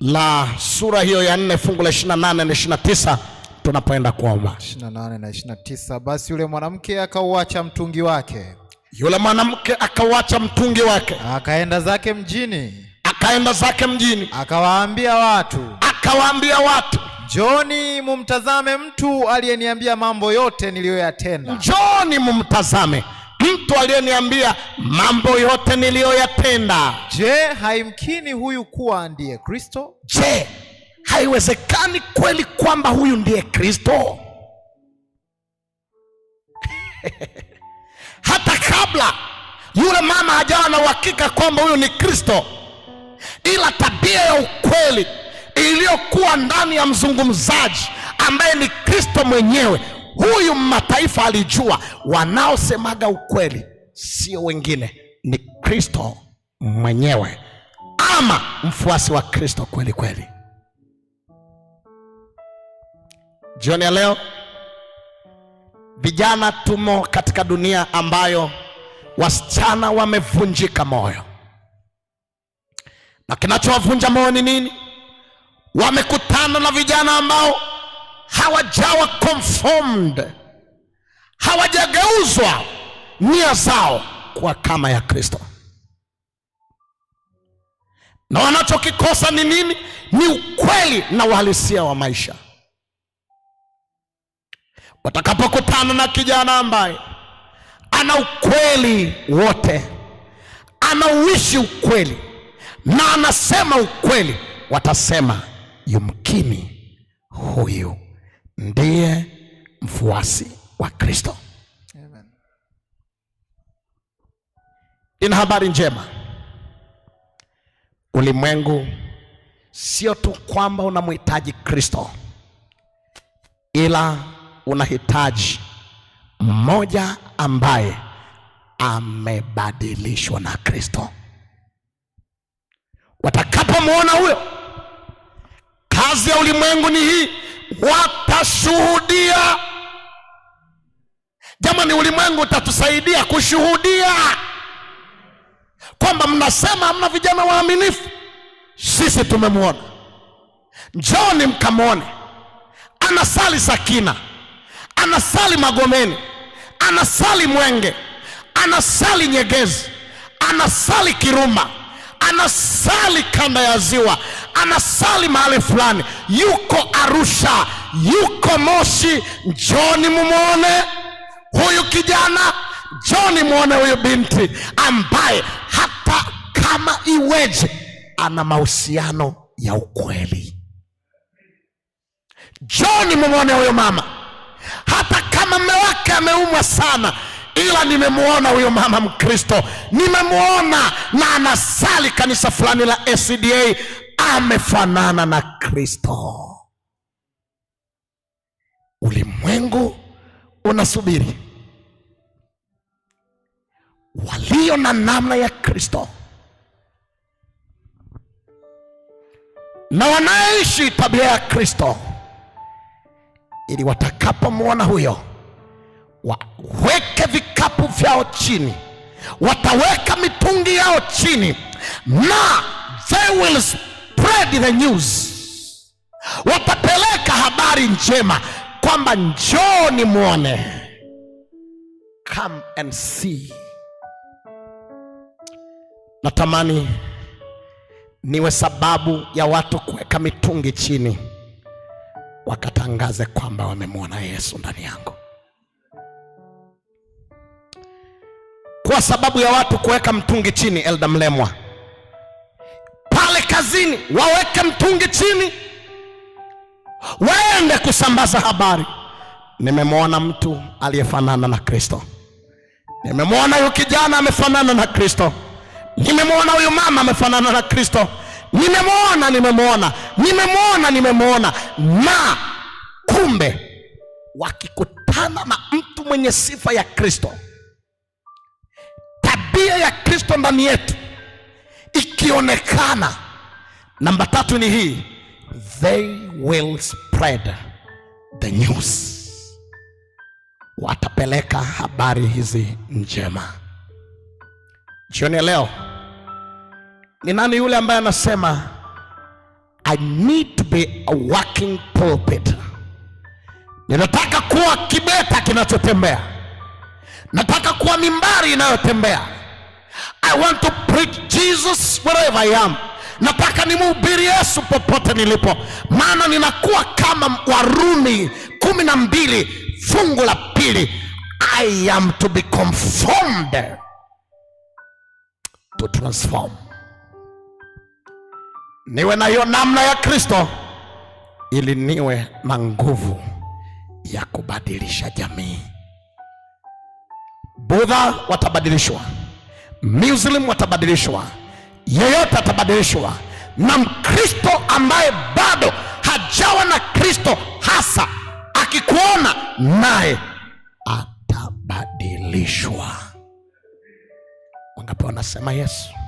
la sura hiyo ya nne fungu la 28 na 29 tunapoenda kuomba. 28 na 29, basi yule mwanamke akauacha mtungi wake, yule mwanamke akauacha mtungi wake, akaenda zake mjini, akaenda zake mjini, akawaambia watu, akawaambia watu Njoni mumtazame mtu aliyeniambia mambo yote niliyoyatenda. Njoni mumtazame mtu aliyeniambia mambo yote niliyoyatenda. Je, haimkini huyu kuwa ndiye Kristo? Je, haiwezekani kweli kwamba huyu ndiye Kristo? Hata kabla yule mama hajawa na uhakika kwamba huyu ni Kristo, ila tabia ya ukweli iliyokuwa ndani ya mzungumzaji ambaye ni Kristo mwenyewe Huyu mataifa alijua wanaosemaga ukweli sio wengine, ni Kristo mwenyewe ama mfuasi wa Kristo kweli kweli. Jioni ya leo vijana, tumo katika dunia ambayo wasichana wamevunjika moyo, na kinachowavunja moyo ni nini? Wamekutana na vijana ambao hawajawa conformed, hawajageuzwa nia zao kwa kama ya Kristo, na wanachokikosa ni nini? Ni ukweli na uhalisia wa maisha. Watakapokutana na kijana ambaye ana ukweli wote, anauishi ukweli na anasema ukweli, watasema yumkini huyu ndiye mfuasi wa Kristo. Amen. habari njema, ulimwengu sio tu kwamba unamhitaji Kristo, ila unahitaji mmoja ambaye amebadilishwa na Kristo. Watakapomwona huyo, kazi ya ulimwengu ni hii watashuhudia. Jamani, ulimwengu utatusaidia kushuhudia kwamba mnasema hamna vijana waaminifu. Sisi tumemwona, njoni mkamwone. Anasali Sakina, anasali Magomeni, anasali Mwenge, anasali Nyegezi, anasali Kiruma anasali kanda ya ziwa, anasali mahali fulani, yuko Arusha, yuko Moshi. Njoni mumwone huyu kijana, njoni mwone huyu binti ambaye hata kama iweje ana mahusiano ya ukweli. Njoni mumwone huyo mama, hata kama mme wake ameumwa sana ila nimemwona huyo mama Mkristo, nimemwona na anasali kanisa fulani la SDA, amefanana na Kristo. Ulimwengu unasubiri walio na namna ya Kristo na wanaishi tabia ya Kristo, ili watakapomwona huyo waweke vikapu vyao chini, wataweka mitungi yao chini, na they will spread the news, watapeleka habari njema kwamba njooni mwone, come and see. Natamani niwe sababu ya watu kuweka mitungi chini, wakatangaze kwamba wamemwona Yesu ndani yangu. Ilikuwa sababu ya watu kuweka mtungi chini. Elda Mlemwa pale kazini, waweke mtungi chini, waende kusambaza habari. Nimemwona mtu aliyefanana na Kristo, nimemwona huyu kijana amefanana na Kristo, nimemwona huyu mama amefanana na Kristo, nimemwona, nimemwona, nimemwona, nimemwona na kumbe, wakikutana na mtu mwenye sifa ya Kristo afya ya Kristo ndani yetu ikionekana, namba tatu ni hii, they will spread the news, watapeleka habari hizi njema. Jioni leo ni nani yule ambaye anasema I need to be a walking pulpit? Ninataka kuwa kibeta kinachotembea, nataka kuwa mimbari inayotembea I want to preach Jesus wherever I am. Nataka nimhubiri Yesu popote nilipo, maana ninakuwa kama Warumi kumi na mbili fungu la pili, I am to be conformed to transform, niwe na hiyo namna ya Kristo ili niwe na nguvu ya kubadilisha jamii. Budha watabadilishwa Muslim watabadilishwa, yeyote atabadilishwa, na Mkristo ambaye bado hajawa na Kristo hasa akikuona naye atabadilishwa. Wangapi wanasema Yesu?